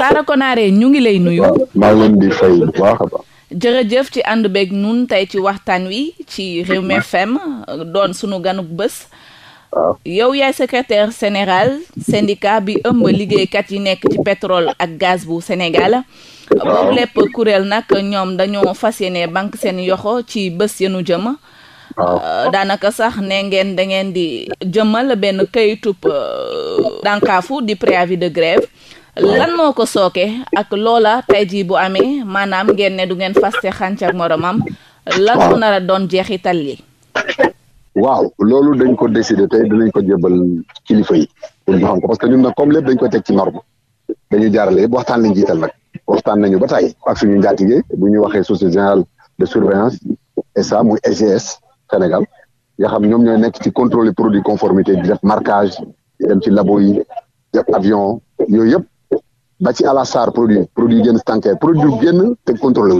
Sara Konaré ñu ngi lay nuyu. jërëjëf ci ànd beeg nun tey ci waxtaan wi ci Rewmi FM doon sunu ganuk bés. yow yaay secrétaire général syndicat bi ëmb liggéeykat yi nekk ci pétrole ak gaz bu Sénégal. boobu lépp kuréel nag ñoom dañoo fas yéene banque seen yoxo ci bés yenu jëm. Euh, daanaka sax ne ngeen da ngeen di jëmal benn kayitub euh, dànkaafu di préavis de grève. lan moo ko sooke ak loola tey jii bu amee maanaam ngeen ne du ngeen faste xànc ak moromam lan mu nar a doon jeexital yi waaw loolu dañ ko décider tey dinañ ko jébal kilifa yi pour ñu xam ko parce que ñun nag kom lépp dañ koy teg ci norme dañu jaarale yëpp waxtaan lañ jiital nag waxtaan nañu ba tay ak suñu njaatige bu ñuy waxee société générale de surveillance SA muy SGS Sénégal nga xam ñoom ñooy nekk ci contrôle produit conformité di def marquage dem ci labo yi def avion yooyu yëpp ba ci àlasar produit produit génn stanker produit génn te contrôlé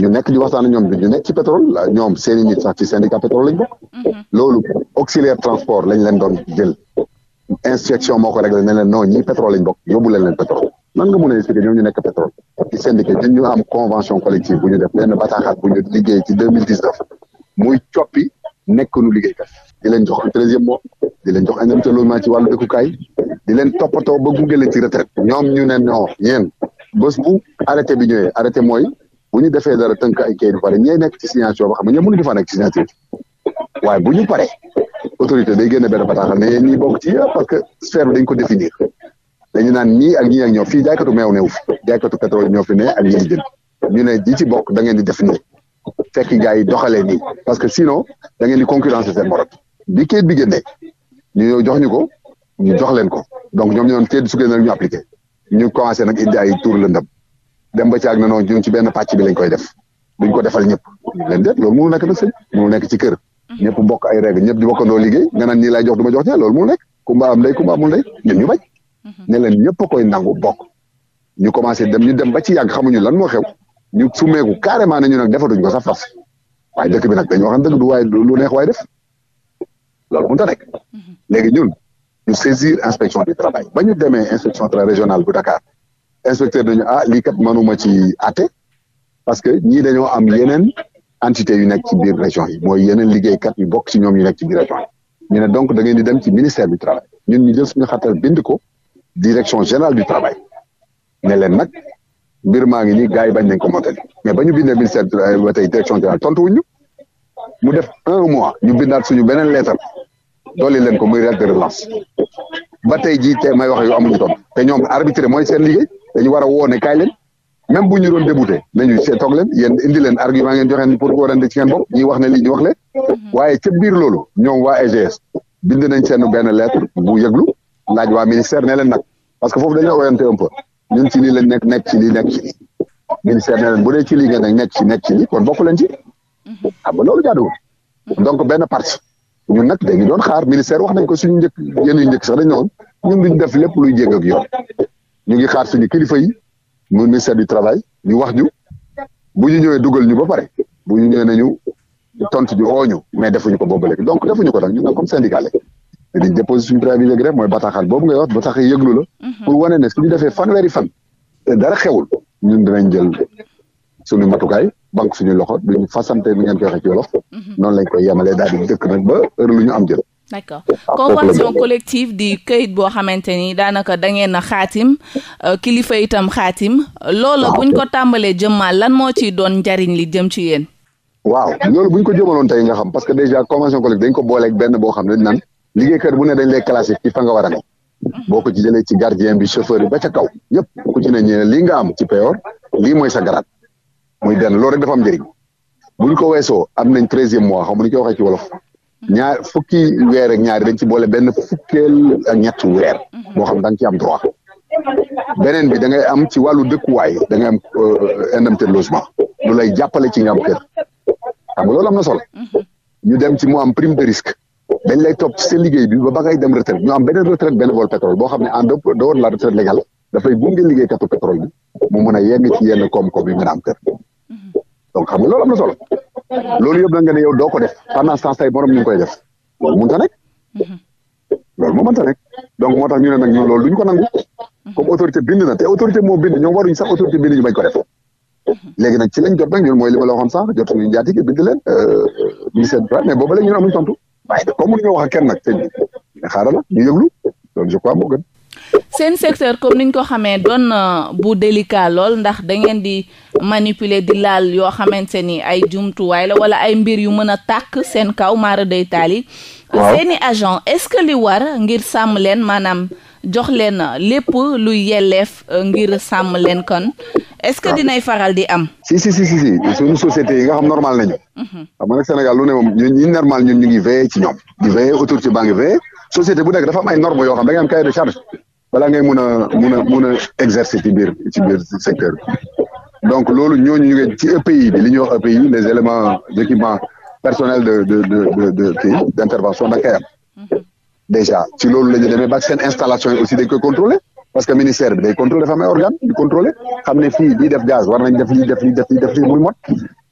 ñu nekk di waxtaan ñoom bi ñu nekk ci pétrole ñoom seeni nit sax ci syndicat pétrole lañ bokk mhm. loolu auxiliaire transport lañ leen doon jël inspection moo ko réglé ne leen non ñi pétrole lañ bokk yóbbu leen leen pétrole nan nga mën a expliquer ñoom ñu nekk pétrole ci syndicat ñun ñu am convention collective bu ñu def benn bataaxat bu ñu liggéey ci deux mille dix muy coppi nekk nu liggéeykat di leen jox un treizième mois di leen jox indemnité logement ci wàllu dëkkukaay di leen toppatoo ba gunge leen ci retraite ñoom ñu ne non yéen bés bu arrêté bi ñëwee arrêté mooy bu ñu defee dara tënk ay kayit bu pare ñooy nekk ci signature ba xam ne ñoom mënuñu faa nekk ci signature waaye ñu paree autorité day génne benn bataaxal ne yéen ñii bokk ci ah, parce que sphère bi dañ ko définir dañu naan ñii ak ñii ak ñoom fii jaaykatu meew newu fi jaaykatu pétrole ñoo fi ne ak ñii di ñu ne ji ci bokk da ngeen di def nii fekk gars yi doxalee nii parce que sinon da ngeen di concurrence seen bi kayit bi génnee ñu ñëw jox ñu ko ñu jox leen ko donc ñoom ñu doon kayit su génne ñu appliqué ñu commencé nag indi ay tuur lëndëm dem ba caag na noonu ñun ci benn pàcc bi lañ koy def duñ ko defal ñëpp leen déet loolu mënul nekk nag sëñ mënul nekk ci kër mhm. ñëpp mbokk ay règle ñëpp di bokkandoo liggéey nga naan ñii jox du ma jox ñe loolu mënul nekk kumba am ndey kumba amul ndey ñun ñu bañ mhm. ne leen ñëpp koy nangu mbokk ñu commencé dem ñu dem ba ci yàgg xamuñu lan moo xew ñu sumeeku carrément ne ñu nag defatuñ ko sax fas waaye dëkk bi nag dañu waxan dëgg du waaye lu neex waaye def loolu mënut ta nekk. Mhm. léegi ñun ñu saisir inspection du travail ba ñu demee inspection régional bu Dakar inspecteur dañu ah lii kat mënuma ci àtte parce que ñii dañoo am yeneen entité yu nekk ci biir région yi mooy yeneen liggéey liggéeykat yu bokk ci ñoom yu nekk ci biir région yi ñu ne donc da ngeen di dem ci ministère du travail ñun ñu jël suñu xatal bind ko direction générale du travail ne leen nag mbir ni ngi yi bañ nañ ko montali mais ba ñu bindee ministère mu def un mois ñu bindaat suñu beneen leetar dolli leen ko muy lettre de ba tey jii te may wax yu amuñu toon te ñoom arbitré mooy seen liggéey dañu war a woone kaay leen même bu ñu doon débouté nañu see toog leen yéen indi leen argument ngeen joxe pour warante ci seen bopp ñi wax ne lii ñu wax leen mhm. waaye ca biir loolu ñoom waa EGS bind nañ seen benn lettre bu yëglu laaj waa ministère ne leen nag parce que foofu dañoo orienté un peu ñu ci lii lañ nekk nekk ci lii nekk ci lii ministère leen bu dee ci lii ngeen nekk ci nekk ci lii kon bokk Mhm. xam nga loolu jaaduwul. Mhm. donc benn parti ñun nag dañu doon xaar ministère wax nañ ko suñu njëkk yéen yu njëkk sax dañ noonu ñun duñ def lépp luy jéng ak yoon ñu ngi xaar suñu kilifa yi mu ministère du travail ñu wax ñu bu ñu ñëwee dugal ñu ba pare bu ñu ñëwee nañu tontu ñu oo ñu mais defuñu ko boobu léegi donc defuñu ko nag ñun nag comme syndicat lañ dañuy déposé suñu préavis de grève mooy bataaxal boobu ngay wax bataaxal yëglu la mhm. pour wane ne suñu defee fanweeri fan te dara xewul ñun dinañ jël su suñu matukaay banque suñu loxo duñu fasante lu ngeen koy waxee ci wolof mhm. noonu lañ koy yemalee daal di dëkk nag ba heure lu ñu am jël ah, convention collective di kayit boo xamante ni daanaka da ngeen a xaatim euh, kilifa itam xaatim loola ah, buñ ko tàmbalee jëmmal lan moo ci doon njariñ li jëm ci yéen waaw loolu buñ ko jëmaloon tey nga xam parce que déjà convention collective dañ ko booleeg benn boo xam ne naan liggéeykat bu ne dañ lay ci fa nga war ne mhm. boo ko ci jëlee ci gardien bi chauffeur bi ba ca kaw ñëpp ku ci ne ñee lii nga am ci payor lii mooy sa garaat muy benn lool rek dafa am njëriñ bu ñu ko weesoo am nañ treizième mois xam ñu koy waxee ci wolof ñaar fukki weer ak ñaari dañ ci boole benn fukkeel ak ñett weer boo xam da nga ci am droit beneen bi da am ci wàllu dëkkuwaay da ngay am euh, indemnité de lay jàppale ci nga am kër xam nga na solo ñu dem ci mu am prime de risque dañ lay topp seen liggéey bi ba ba dem retraite ñu am beneen retraite bénévole pétrole boo xam ne en dehors de la retraite légale dafay gunge liggéeykatu pétrole bi mu mën a yegg ci yenn koom-koom yi am kër donc xam nga lool am na solo loolu yëpp na nga ne yow doo ko def pendant ce temps say borom ñu koy def loolu mënta nekk loolu moo nekk donc moo tax ñu ne nag ñun loolu duñ ko nangu comme autorité bind na te autorité moo bind ñoom waruñ sax autorité bind ñu bañ ko def léegi nag ci lañ jot nag ñun mooy li ma la waxoon sànq jot nañu njaatige bind leen euh, ministère bi mais booba léegi ñun amuñ tontu waaye comme mënuñoo wax ak kenn nag sëñ bi xaaral la ñu yëglu loolu je crois moo gën seen secteur comme niñ ko xamee doon bu délicat lool ndax da ngeen di manipuler di laal yoo xamante ni ay jumtuwaay la wala ay mbir yu mën a tàkk seen kaw maara day taal seeni agent est-ce que li war ngir sàmm leen maanaam jox leen lépp luy yelleef euh, ngir sàmm leen kon est-ce que ah. dinay faral di am si si si si si suñu société yi nga xam normal nañu mhm. xam nga nag Sénégal lu ne moom normal ñu ngi veillé ci ñoom di veillé autorité baa ngi veillé société bu nekk dafa am ay normes yoo xam da ngay am cahier balaa ngay mun a mun a mun a exercer ci biir ci biir secteur bi donc loolu ñooñu ñu ngi ci EPI bi li ñuy wax EPI les éléments d'équipement personnel de de de de de da koy mm-hmm. déjà ci loolu la ñu demee ba seen installation yi aussi dañ koy contrôler parce que ministère bi day contrôler dafa am ay organe xam ne fii di def gaz war nañ def lii def lii def lii muy mot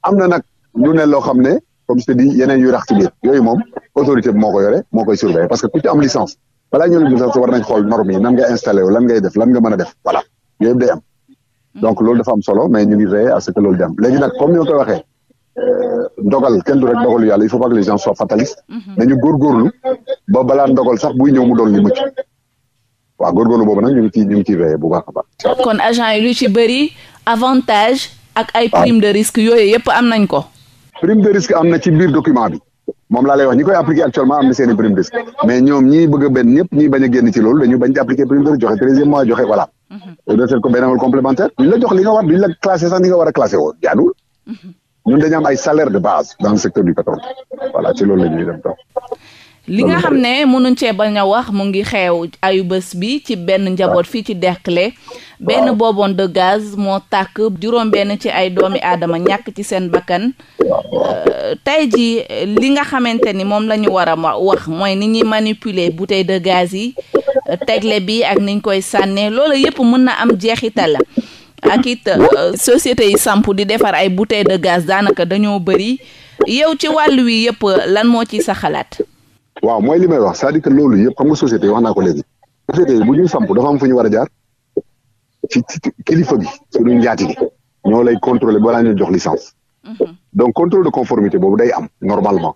am na nag ñu ne loo xam ne comme je te dis yeneen yu rax ci biir yooyu moom autorité bi moo ko yore moo koy surveiller ku am licence balaa ñu la jël sax war nañ xool normes yi nan nga installé wu lan ngay def lan nga mën a def voilà yooyu yëpp am hmm. donc loolu dafa am solo mais ñu ngi veillé à que loolu di am léegi nag comme ni ma koy euh, ndogal kenn du rek ndogalu yàlla il faut pas que les gens soient fatalistes hmm. nañu góorgóorlu ba balaa ndogal sax buy ñëw mu doon li mucc waaw góorgóorlu boobu nag ñu ngi ciy ñu ngi ciy veillé bu baax a kon agent yi lu ci bëri avantage ak ay ah. prime de risque yooyu yëpp am nañ ko. prime de risque am na ci biir document bi. moom la lay wax koy appliqué actuellement am na seen i prime mais ñoom ñii bëgg a benn ñëpp ñii bañ a génn ci loolu dañu bañ di appliqué prime joxe treizième mois joxe voilà doo mm-hmm. seet ko benn amul complémentaire duñ jox li war duñ la sax ni war a classé woon jaaduwul mm-hmm. ñun dañu am ay salaire de base dans le secteur du pétrole voilà ci loolu la ñuy dem toog li nga xam ne mënuñ cee bañ a wax mu ngi xeew ayu bés bi ci benn njaboot fii ci Derklé benn bonbonne de gaz moo tàkk juróom benn ci ay doomi aadama ñàkk ci seen bakkan euh, tey ji li nga xamante ni moom lañu ñu war a wax mooy ni ñuy manipuler bouteille de gaz yi euh, tegle bi ak niñ koy sànnee loolu yépp mën na am jeexital la ak it euh, société yi samp di defar ay bouteille de gaz daanaka dañoo bëri yow ci wàll wi yépp lan moo ciy sa xalaat waaw mooy li may wax cest à loolu yëpp xam nga société yi wax naa ko léegi société yi bu ñuy samp dafa am fu ñu war a jaar ci kilifa gi suñu njaati gi ñoo lay contrôler balaa ñu jox licence mhm. donc contrôle de conformité boobu day am normalement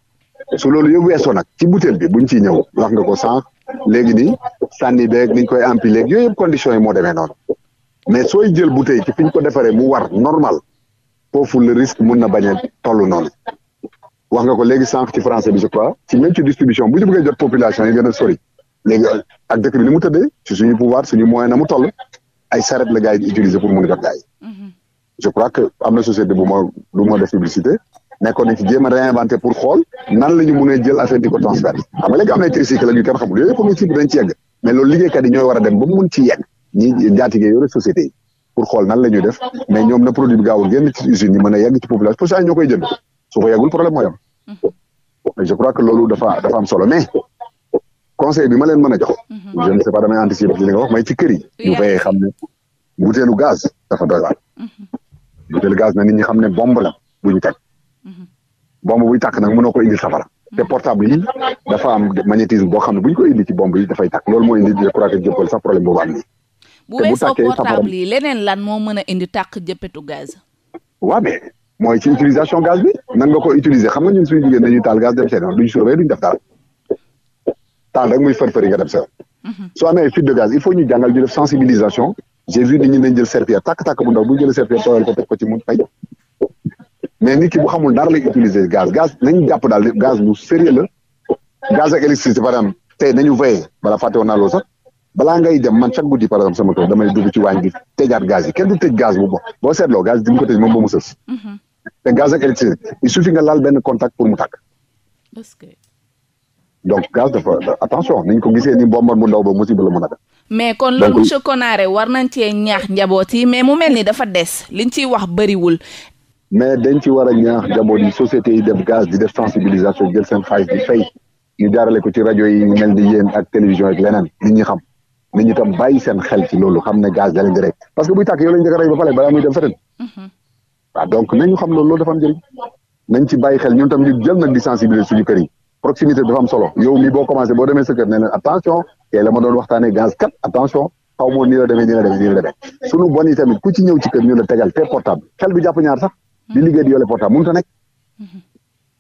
su loolu yëpp weesoo nag ci butéel bi buñ ciy ñëw wax nga ko sànq léegi nii sànni beeg niñ koy empilé léegi yooyu yëpp conditions yi moo demee noonu mais sooy jël bouteille ci fi ñu ko defaree mu war normal foofu le risque mun na bañ toll noonu wax nga ko léegi sànq ci français bi je crois ci même ci distribution bu ñu bëggee jot population yi gën a sori léegi ak dëkk bi ni mu tëddee ci suñu pouvoir suñu moyen na toll ay charrette la gars yi utiliser mm-hmm. pour xool nan la ñu jël affaire di ko transfert xam nga léegi am na tricycle la ñu kenn xamul yooyu yëpp ñu ci dañ ci yegg mais loolu liggéeykat yi ñooy war dem ba mun ci yegg ñi jaatigee yore société yi pour xool nan la def mais je crois que loolu dafa dafa am solo mais conseil bi ma leen mën a jox. Mhm. je ne sais pas damay anticiper li nga wax may ci kër yi. ñu xam ne butéelu gaz dafa doy waar. Mhm. butéelu gaz na nit xam ne bomb la bu ñu teg mhm. bomb buy tàkk nag mënoo ko indil safara. te portable yi dafa am magnétisme boo xam ne bu ñu ko indi ci bomb yi dafay tàkk lool moo indi je crois que jëppal sax problème boobu am nii. bu tàkkee portable yi leneen lan moo mën a indi tàkk jëppetu gaz. waaw mais mooy ci utilisation gaz bi nan nga ko utiliser xam nga ñun suñu liggéey nañuy taal gaz dem seen yoon duñu surveiller duñu def dara taal rek muy fërfëri nga dem seen yoon mhm. soo amee ñu jàngal ñu def nañ jël serpillère tàkk-tàkk bu ndaw bu ñu jëlee serpillère tooyal ko teg ko ci mun fay mais dara lay utiliser gaz gaz nañu jàpp daal gaz lu sérieux la gaz ak électricité par exemple tey nañu veillé bala fàtte balaa ngay dem man chaque guddi par exemple sama kër damay dugg ci waañ bi tëjaat gaz yi kenn du tëj gaz bu boo seetloo gaz di mu ko tëj moom ba mu te gaz ak électricité il suffit nga laal benn contact pour mu tàkk donc gaz dafa attention niñ ko gisee ni bombar bu ndaw ba musiba la mën a mais kon loolu monsieur Konaré war nañ cee ñaax njaboot yi mais mu mel ni dafa des liñ ciy wax bëriwul mais dañ ci war a ñaax njaboot yi société yi def gaz di def sensibilisation jël seen xaalis di fay ñu jaarale ko ci rajo yi ñu mel ni yéen ak télévision ak leneen nit ñi xam nit ñi tam bàyyi seen xel ci loolu xam ne gaz da leen a rey ba pare balaa muy waaw donc nañu xam loolu loolu dafa am njëriñ nañ ci bàyyi xel ñun tam ñu jël nag di sensibiliser suñu kër yi proximité dafa am solo yow mii boo commencé boo demee sa kër ne leen attention tey la ma doon waxtaanee gaz kat attention xaw ma nii demee suñu bon yi tamit ku ci ñëw ci kër ñu la tegal te portable xel bi jàpp ñaar sax di liggéey di yole portable mënut a nekk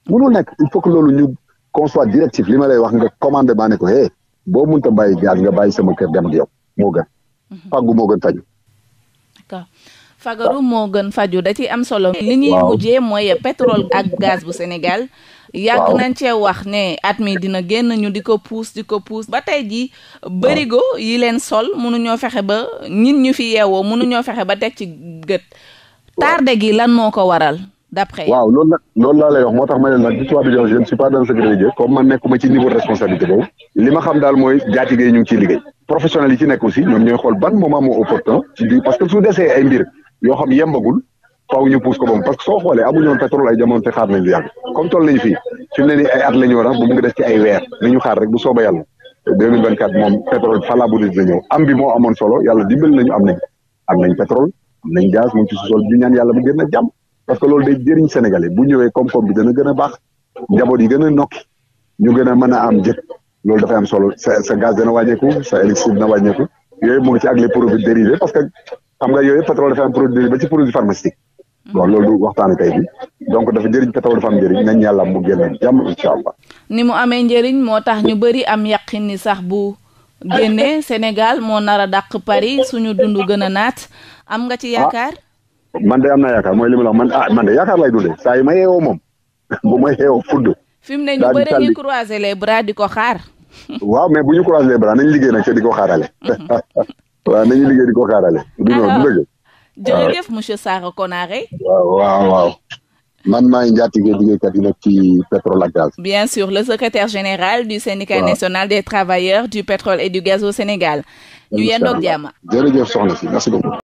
mënul nekk il faut que loolu ñu qu'on soit directif li ma lay wax nga commandé maa ne ko hé boo mënut a bàyyi gaz nga bàyyi sama kër dem ak yow moo gën fàggu moo gën fagaru moo gën faju da ci am solo li ñuy mujjee mooy pétrole ak gaz bu senegal yàgg nañ cee wax ne at mi dina génn ñu di ko puus di ko puus ba tey ji bërigo yi leen sol mënuñoo fexe ba ñin ñu fi yeewoo mënuñoo fexe ba teg ci gët tardé gi lan moo ko waral d'après waaw loolu nag loolu laa lay wax moo tax ma ne nag histoire bi je ne pas dans comme man nekkuma ci niveau de responsabilité boobu li ma xam daal mooy jaatigéey ñu ngi ciy liggéey professionnels ci nekk aussi ñoom ñooy xool ban moment moo opportun ci biir parce yoo xam yembagul faaw ñu pousse ko parce que soo xoolee amuñu woon ay jamono te xaar nañ lu yàgg comme a bu mu ngi des ci ay weer ni ñu xaar rek bu soobee yàlla 2024 moom pétrole bi fala bu dis la ñëw am bi moo amoon solo yàlla dimbal nañu am nañ am nañ pétrole am nañ gaz mu ngi ci sous-sol bi ñu ñaan parce que loolu day jëriñ sénégalais bu ñëwee koom-koom bi dana gën baax njaboot yi gën nokki ñu gën mën xam nga yooyu pétrole dafa am produit ba ci produit pharmaceutique bon mhm. loolu du waxtaanu tey bi donc dafa jëriñ pétrole dafa am njëriñ nañ yàlla mu génn jàmm incha allah. ni mu amee njariñ moo tax ñu bëri am yàqin ni sax bu génnee Sénégal moo nar a dàq Paris suñu dund gën a naat am nga ci yaakaar. Ah, man de am na yaakaar mooy li ma man ah man de yaakaar lay dundee saa yi ma yeewoo moom bu ma yeewoo fudd. fi mu ne ñu bëri ñu croiser les di ko xaar. waaw mais bu ñu croiser les bras nañ liggéey waaw nañu ah. liggéey di ko xaarale. du noonu du ah. dëgg. jërëjëf monsieur Sara Konaré. waaw waaw waaw. man maay njaatige liggéeykat yi nag ci pétrole ak gaz. bien sûr le secrétaire général du syndicat wow. national des travailleurs du pétrole et du gaz au Sénégal. ñu yendoog jàmm. jërëjëf soxna si merci beaucoup.